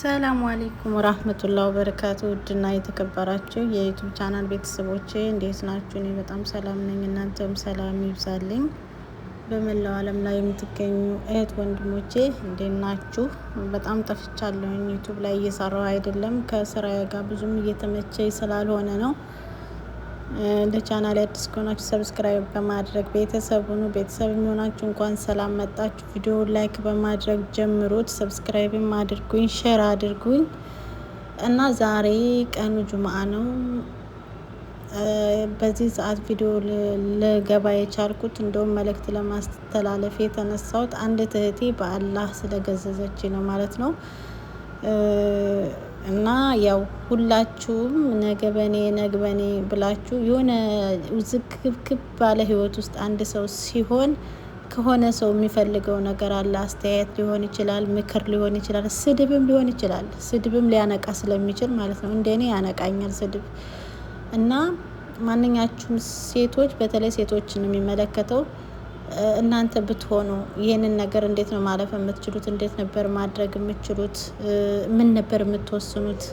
ሰላሙ አሌይኩም ወራህመቱላህ ወበረካቱ። ውድና የተከበራችሁ የዩቱብ ቻናል ቤተሰቦቼ እንዴት ናችሁ? እኔ በጣም ሰላም ነኝ፣ እናንተም ሰላም ይብዛልኝ። በመላው ዓለም ላይ የምትገኙ እህት ወንድሞቼ እንዴት ናችሁ? በጣም ጠፍቻለሁኝ። ዩቱብ ላይ እየሰራሁ አይደለም፣ ከስራ ጋር ብዙም እየተመቸኝ ስላልሆነ ነው። ለቻናል አዲስ ከሆናችሁ ሰብስክራይብ በማድረግ ቤተሰብ ሁኑ። ቤተሰብ የሚሆናችሁ እንኳን ሰላም መጣችሁ። ቪዲዮ ላይክ በማድረግ ጀምሩት። ሰብስክራይብም አድርጉኝ፣ ሼር አድርጉኝ እና ዛሬ ቀኑ ጁምአ ነው። በዚህ ሰዓት ቪዲዮ ልገባ የቻልኩት እንደውም መልእክት ለማስተላለፍ የተነሳሁት አንድ እህቴ በአላህ ስለገዘዘች ነው ማለት ነው። እና ያው ሁላችሁም ነገ በኔ ነገ በኔ ብላችሁ የሆነ ውዝግብግብ ባለ ህይወት ውስጥ አንድ ሰው ሲሆን ከሆነ ሰው የሚፈልገው ነገር አለ። አስተያየት ሊሆን ይችላል፣ ምክር ሊሆን ይችላል፣ ስድብም ሊሆን ይችላል። ስድብም ሊያነቃ ስለሚችል ማለት ነው። እንደኔ ያነቃኛል ስድብ እና ማንኛችሁም ሴቶች፣ በተለይ ሴቶችን የሚመለከተው እናንተ ብትሆኑ ይህንን ነገር እንዴት ነው ማለፍ የምትችሉት? እንዴት ነበር ማድረግ የምትችሉት? ምን ነበር የምትወስኑት?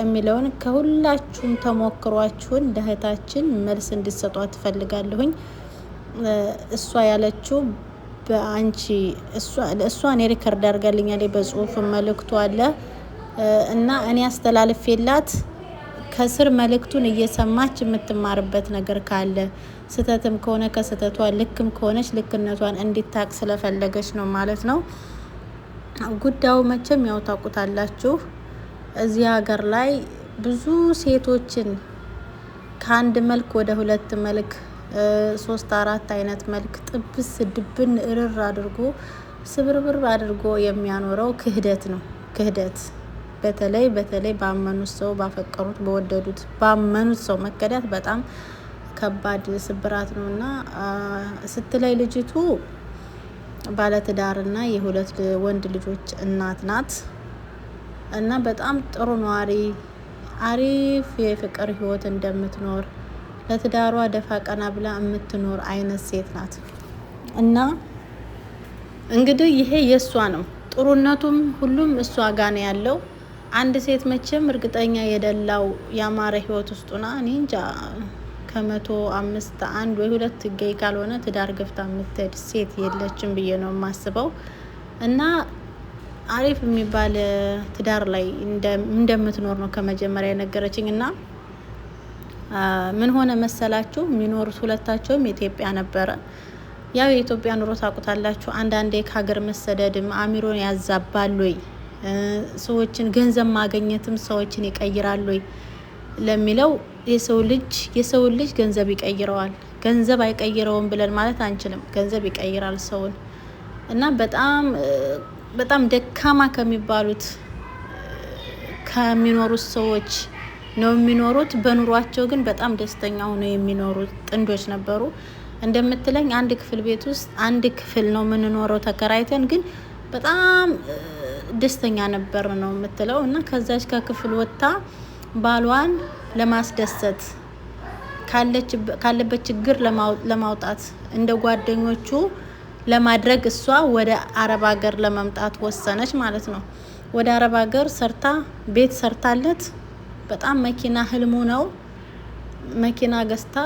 የሚለውን ከሁላችሁም ተሞክሯችሁን ለእህታችን መልስ እንድትሰጧ ትፈልጋለሁኝ። እሷ ያለችው በአንቺ እኔ ሪከርድ አድርጋልኛል። በጽሁፍ መልእክቱ አለ እና እኔ አስተላልፌላት ከስር መልእክቱን እየሰማች የምትማርበት ነገር ካለ ስህተትም ከሆነ ከስህተቷ ልክም ከሆነች ልክነቷን እንዲታቅ ስለፈለገች ነው ማለት ነው። ጉዳዩ መቼም ያው ታውቁታላችሁ። እዚህ ሀገር ላይ ብዙ ሴቶችን ከአንድ መልክ ወደ ሁለት መልክ ሶስት አራት አይነት መልክ ጥብስ ድብን እርር አድርጎ ስብርብር አድርጎ የሚያኖረው ክህደት ነው ክህደት በተለይ በተለይ ባመኑት ሰው ባፈቀሩት፣ በወደዱት፣ ባመኑት ሰው መከዳት በጣም ከባድ ስብራት ነው እና ስትለይ ልጅቱ ባለትዳርና የሁለት ወንድ ልጆች እናት ናት እና በጣም ጥሩ ነዋሪ አሪፍ የፍቅር ህይወት እንደምትኖር ለትዳሯ ደፋ ቀና ብላ የምትኖር አይነት ሴት ናት እና እንግዲህ ይሄ የእሷ ነው። ጥሩነቱም ሁሉም እሷ ጋር ነው ያለው። አንድ ሴት መቼም እርግጠኛ የደላው ያማረ ህይወት ውስጡና እኔ እንጃ ከመቶ አምስት አንድ ወይ ሁለት ገይ ካልሆነ ትዳር ገፍታ የምትሄድ ሴት የለችም ብዬ ነው የማስበው እና አሪፍ የሚባል ትዳር ላይ እንደምትኖር ነው ከመጀመሪያ የነገረችኝ። እና ምን ሆነ መሰላችሁ የሚኖሩት ሁለታቸውም ኢትዮጵያ ነበረ። ያው የኢትዮጵያ ኑሮ ታውቁታላችሁ። አንዳንዴ ከሀገር መሰደድም አሚሮን ያዛባል ወይ ሰዎችን ገንዘብ ማገኘትም ሰዎችን ይቀይራሉ ወይ ለሚለው የሰው ልጅ የሰው ልጅ ገንዘብ ይቀይረዋል። ገንዘብ አይቀይረውም ብለን ማለት አንችልም። ገንዘብ ይቀይራል ሰውን እና በጣም በጣም ደካማ ከሚባሉት ከሚኖሩት ሰዎች ነው የሚኖሩት። በኑሯቸው ግን በጣም ደስተኛ ሆነው የሚኖሩት ጥንዶች ነበሩ። እንደምትለኝ አንድ ክፍል ቤት ውስጥ አንድ ክፍል ነው የምንኖረው ተከራይተን ግን በጣም ደስተኛ ነበር ነው የምትለው። እና ከዛች ከክፍል ወጥታ ባሏን ለማስደሰት ካለበት ችግር ለማውጣት እንደ ጓደኞቹ ለማድረግ እሷ ወደ አረብ ሀገር ለመምጣት ወሰነች ማለት ነው። ወደ አረብ ሀገር ሰርታ ቤት ሰርታለት በጣም መኪና ህልሙ ነው። መኪና ገዝታ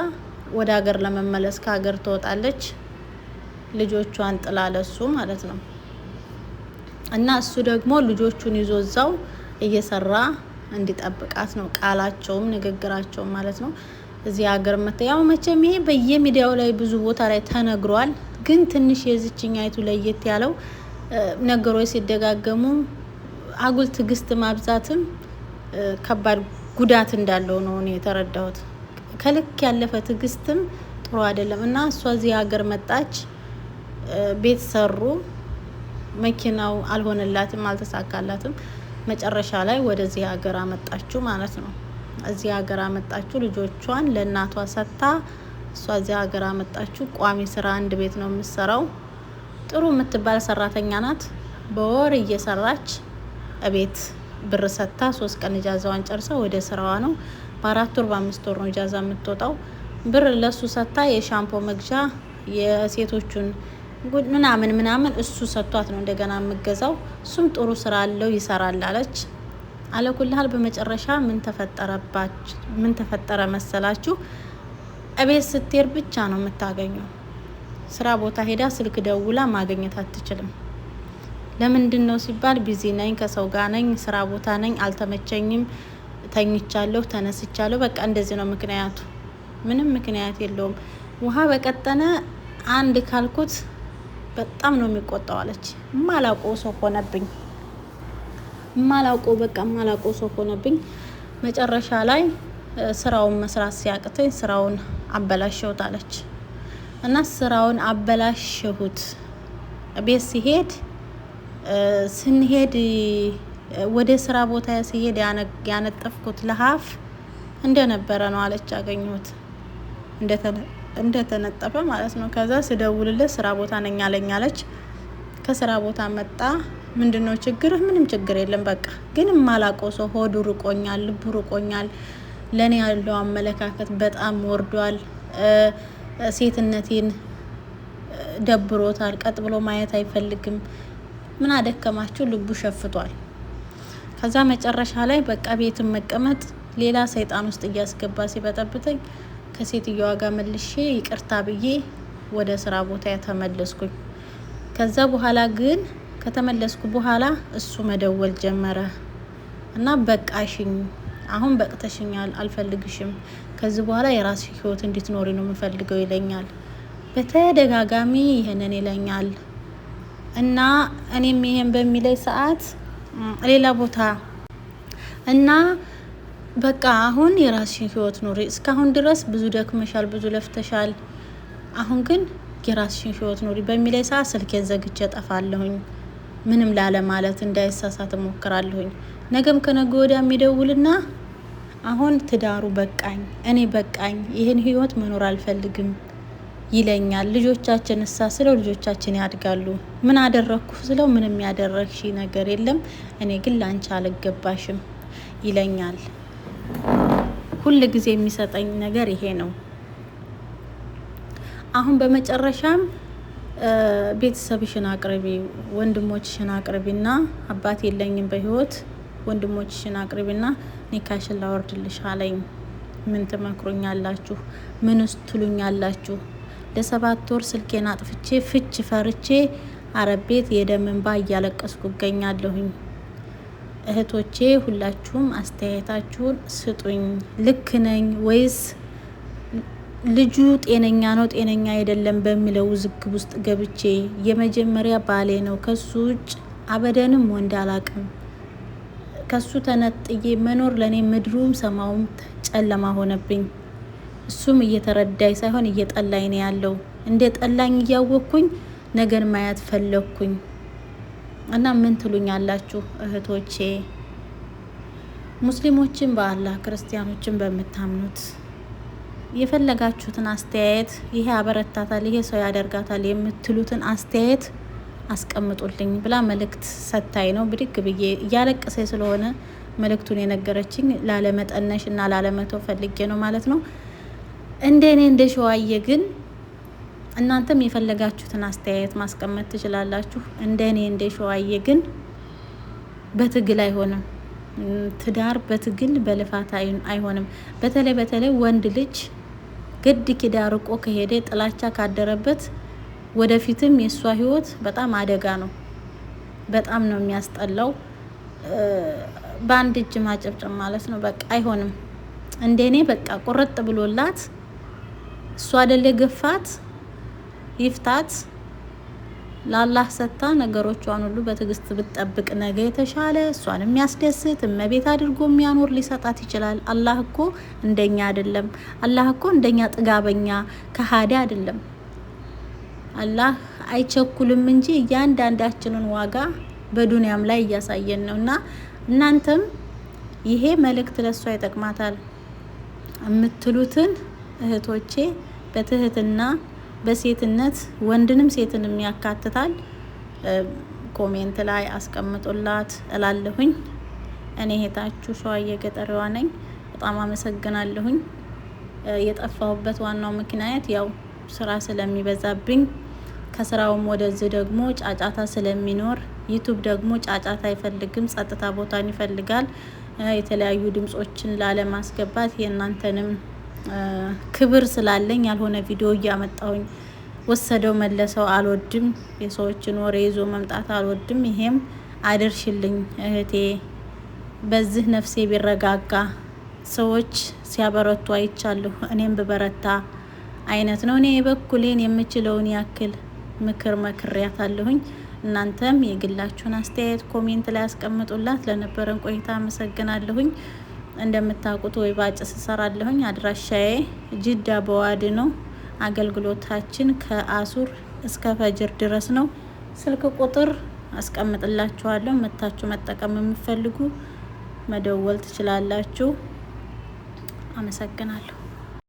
ወደ ሀገር ለመመለስ ከሀገር ትወጣለች ልጆቿን ጥላ ለሱ ማለት ነው። እና እሱ ደግሞ ልጆቹን ይዞ እዛው እየሰራ እንዲጠብቃት ነው ቃላቸውም ንግግራቸውም ማለት ነው። እዚህ ሀገር መተ ያው መቼም ይሄ በየሚዲያው ላይ ብዙ ቦታ ላይ ተነግሯል። ግን ትንሽ የዝችኛይቱ ለየት ያለው ነገሮች ሲደጋገሙ አጉል ትዕግስት ማብዛትም ከባድ ጉዳት እንዳለው ነው እኔ የተረዳሁት። ከልክ ያለፈ ትዕግስትም ጥሩ አይደለም እና እሷ እዚህ ሀገር መጣች፣ ቤት ሰሩ መኪናው አልሆነላትም፣ አልተሳካላትም። መጨረሻ ላይ ወደዚህ ሀገር አመጣችሁ ማለት ነው። እዚህ ሀገር አመጣችሁ ልጆቿን ለእናቷ ሰጥታ እሷ እዚህ ሀገር አመጣችሁ። ቋሚ ስራ አንድ ቤት ነው የምትሰራው። ጥሩ የምትባል ሰራተኛ ናት። በወር እየሰራች እቤት ብር ሰጥታ ሶስት ቀን እጃዛዋን ጨርሰው ወደ ስራዋ ነው። በአራት ወር በአምስት ወር ነው እጃዛ የምትወጣው። ብር ለሱ ሰጥታ የሻምፖ መግዣ የሴቶቹን ምናምን ምናምን እሱ ሰጥቷት ነው እንደገና የምገዛው። እሱም ጥሩ ስራ አለው ይሰራል አለች። አለኩልሃል በመጨረሻ ምን ምን ተፈጠረ መሰላችሁ? እቤት ስትሄድ ብቻ ነው የምታገኘው። ስራ ቦታ ሄዳ ስልክ ደውላ ማግኘት አትችልም። ለምንድን ነው ሲባል ቢዚ ነኝ፣ ከሰው ጋር ነኝ፣ ስራ ቦታ ነኝ፣ አልተመቸኝም፣ ተኝቻለሁ፣ ተነስቻለሁ፣ በቃ እንደዚህ ነው ምክንያቱ። ምንም ምክንያት የለውም። ውሃ በቀጠነ አንድ ካልኩት በጣም ነው የሚቆጣው አለች። ማላቆ ሰው ሆነብኝ፣ ማላቆ በቃ ማላቆ ሰው ሆነብኝ። መጨረሻ ላይ ስራውን መስራት ሲያቅተኝ ስራውን አበላሸሁት አለች እና ስራውን አበላሸሁት። ቤት ሲሄድ ስንሄድ ወደ ስራ ቦታ ሲሄድ ያነጠፍኩት ለሀፍ እንደነበረ ነው አለች። አገኘሁት እንደተነጠፈ ማለት ነው። ከዛ ስደውልለት ስራ ቦታ ነኝ አለኝ አለች። ከስራ ቦታ መጣ። ምንድን ነው ችግርህ? ምንም ችግር የለም በቃ ግን የማላውቀው ሰው ሆዱ ርቆኛል፣ ልቡ ርቆኛል፣ ለእኔ ያለው አመለካከት በጣም ወርዷል፣ ሴትነቴን ደብሮታል፣ ቀጥ ብሎ ማየት አይፈልግም። ምን አደከማችሁ? ልቡ ሸፍቷል። ከዛ መጨረሻ ላይ በቃ ቤትን መቀመጥ ሌላ ሰይጣን ውስጥ እያስገባ ሲበጠብጠኝ ከሴትዮዋ ጋር መልሼ ይቅርታ ብዬ ወደ ስራ ቦታ ተመለስኩኝ። ከዛ በኋላ ግን ከተመለስኩ በኋላ እሱ መደወል ጀመረ እና በቃሽኝ፣ አሁን በቅተሽኛል፣ አልፈልግሽም፣ ከዚህ በኋላ የራስሽ ህይወት እንድትኖሪ ነው የምፈልገው ይለኛል። በተደጋጋሚ ይህንን ይለኛል እና እኔም ይሄን በሚለይ ሰዓት ሌላ ቦታ እና በቃ አሁን የራስሽን ህይወት ኑሪ። እስካሁን ድረስ ብዙ ደክመሻል፣ ብዙ ለፍተሻል። አሁን ግን የራስሽን ህይወት ኑሪ በሚለኝ ሰዓት ስልኬን ዘግቼ ጠፋለሁኝ። ምንም ላለ ማለት እንዳይሳሳት እሞክራለሁኝ። ነገም ከነገ ወዲያ የሚደውልና አሁን ትዳሩ በቃኝ፣ እኔ በቃኝ፣ ይህን ህይወት መኖር አልፈልግም ይለኛል። ልጆቻችን እሳ ስለው ልጆቻችን ያድጋሉ። ምን አደረግኩ ስለው ምንም ያደረግሽ ነገር የለም፣ እኔ ግን ላንቺ አልገባሽም ይለኛል። ሁል ጊዜ የሚሰጠኝ ነገር ይሄ ነው። አሁን በመጨረሻም ቤተሰብሽን አቅርቢ፣ ወንድሞችሽን አቅርቢና አባት የለኝም በህይወት ወንድሞችሽን አቅርቢና ኒካሽን ላወርድልሽ አለኝ። ምን ትመክሩኛላችሁ? ምን ትሉኛላችሁ? ለሰባት ወር ስልኬን አጥፍቼ ፍች ፈርቼ አረቤት ቤት የደም እንባ እያለቀስኩ እገኛለሁኝ። እህቶቼ ሁላችሁም አስተያየታችሁን ስጡኝ። ልክ ነኝ ወይስ ልጁ ጤነኛ ነው ጤነኛ አይደለም በሚለው ውዝግብ ውስጥ ገብቼ የመጀመሪያ ባሌ ነው። ከሱ ውጭ አበደንም ወንድ አላቅም። ከሱ ተነጥዬ መኖር ለእኔ ምድሩም ሰማውም ጨለማ ሆነብኝ። እሱም እየተረዳኝ ሳይሆን እየጠላኝ ነው ያለው። እንደ ጠላኝ እያወቅኩኝ ነገን ማየት ፈለግኩኝ። እና ምን ትሉኛላችሁ እህቶቼ ሙስሊሞችን በአላህ ክርስቲያኖችን በምታምኑት የፈለጋችሁትን አስተያየት ይሄ ያበረታታል፣ ይሄ ሰው ያደርጋታል የምትሉትን አስተያየት አስቀምጡልኝ ብላ መልእክት ሰታይ ነው ብድግ ብዬ እያለቀሰ ስለሆነ መልእክቱን የነገረችኝ ላለመጠነሽ እና ላለመተው ፈልጌ ነው ማለት ነው። እንደ እኔ እንደ ሸዋዬ ግን እናንተም የፈለጋችሁትን አስተያየት ማስቀመጥ ትችላላችሁ። እንደ እኔ እንደ ሸዋዬ ግን በትግል አይሆንም። ትዳር በትግል በልፋት አይሆንም። በተለይ በተለይ ወንድ ልጅ ግድ ኪዳር ቆ ከሄደ ጥላቻ ካደረበት ወደፊትም የእሷ ህይወት በጣም አደጋ ነው። በጣም ነው የሚያስጠላው። በአንድ እጅ ማጨብጨብ ማለት ነው። በቃ አይሆንም። እንደኔ በቃ ቁርጥ ብሎላት እሷ አይደለ ገፋት ይፍታት ላላህ ሰጥታ ነገሮቿን ሁሉ በትዕግስት ብትጠብቅ ነገ የተሻለ እሷን የሚያስደስት እመቤት አድርጎ የሚያኖር ሊሰጣት ይችላል። አላህ እኮ እንደኛ አይደለም። አላህ እኮ እንደኛ ጥጋበኛ ከሃዲ አይደለም። አላህ አይቸኩልም እንጂ እያንዳንዳችንን ዋጋ በዱንያም ላይ እያሳየን ነው እና እናንተም ይሄ መልእክት ለእሷ ይጠቅማታል የምትሉትን እህቶቼ በትህትና በሴትነት ወንድንም ሴትንም ያካትታል። ኮሜንት ላይ አስቀምጡላት እላለሁኝ። እኔ እህታችሁ ሸዋዬ ገጠሬዋ ነኝ። በጣም አመሰግናለሁኝ። የጠፋሁበት ዋናው ምክንያት ያው ስራ ስለሚበዛብኝ ከስራውም ወደዚህ ደግሞ ጫጫታ ስለሚኖር ዩቱብ ደግሞ ጫጫታ አይፈልግም፣ ጸጥታ ቦታን ይፈልጋል። የተለያዩ ድምጾችን ላለማስገባት የእናንተንም ክብር ስላለኝ ያልሆነ ቪዲዮ እያመጣሁኝ ወሰደው መለሰው አልወድም። የሰዎችን ወሬ ይዞ መምጣት አልወድም። ይሄም አድርሽልኝ እህቴ፣ በዚህ ነፍሴ ቢረጋጋ ሰዎች ሲያበረቱ አይቻለሁ፣ እኔም ብበረታ አይነት ነው። እኔ የበኩሌን የምችለውን ያክል ምክር መክሪያት አለሁኝ። እናንተም የግላችሁን አስተያየት ኮሜንት ላይ ያስቀምጡላት። ለነበረን ቆይታ አመሰግናለሁኝ። እንደምታውቁት ወይ ባጭ ስሰራለሁኝ አድራሻዬ ጅዳ በዋድ ነው። አገልግሎታችን ከአሱር እስከ ፈጅር ድረስ ነው። ስልክ ቁጥር አስቀምጥላችኋለሁ። መታችሁ መጠቀም የምትፈልጉ መደወል ትችላላችሁ። አመሰግናለሁ።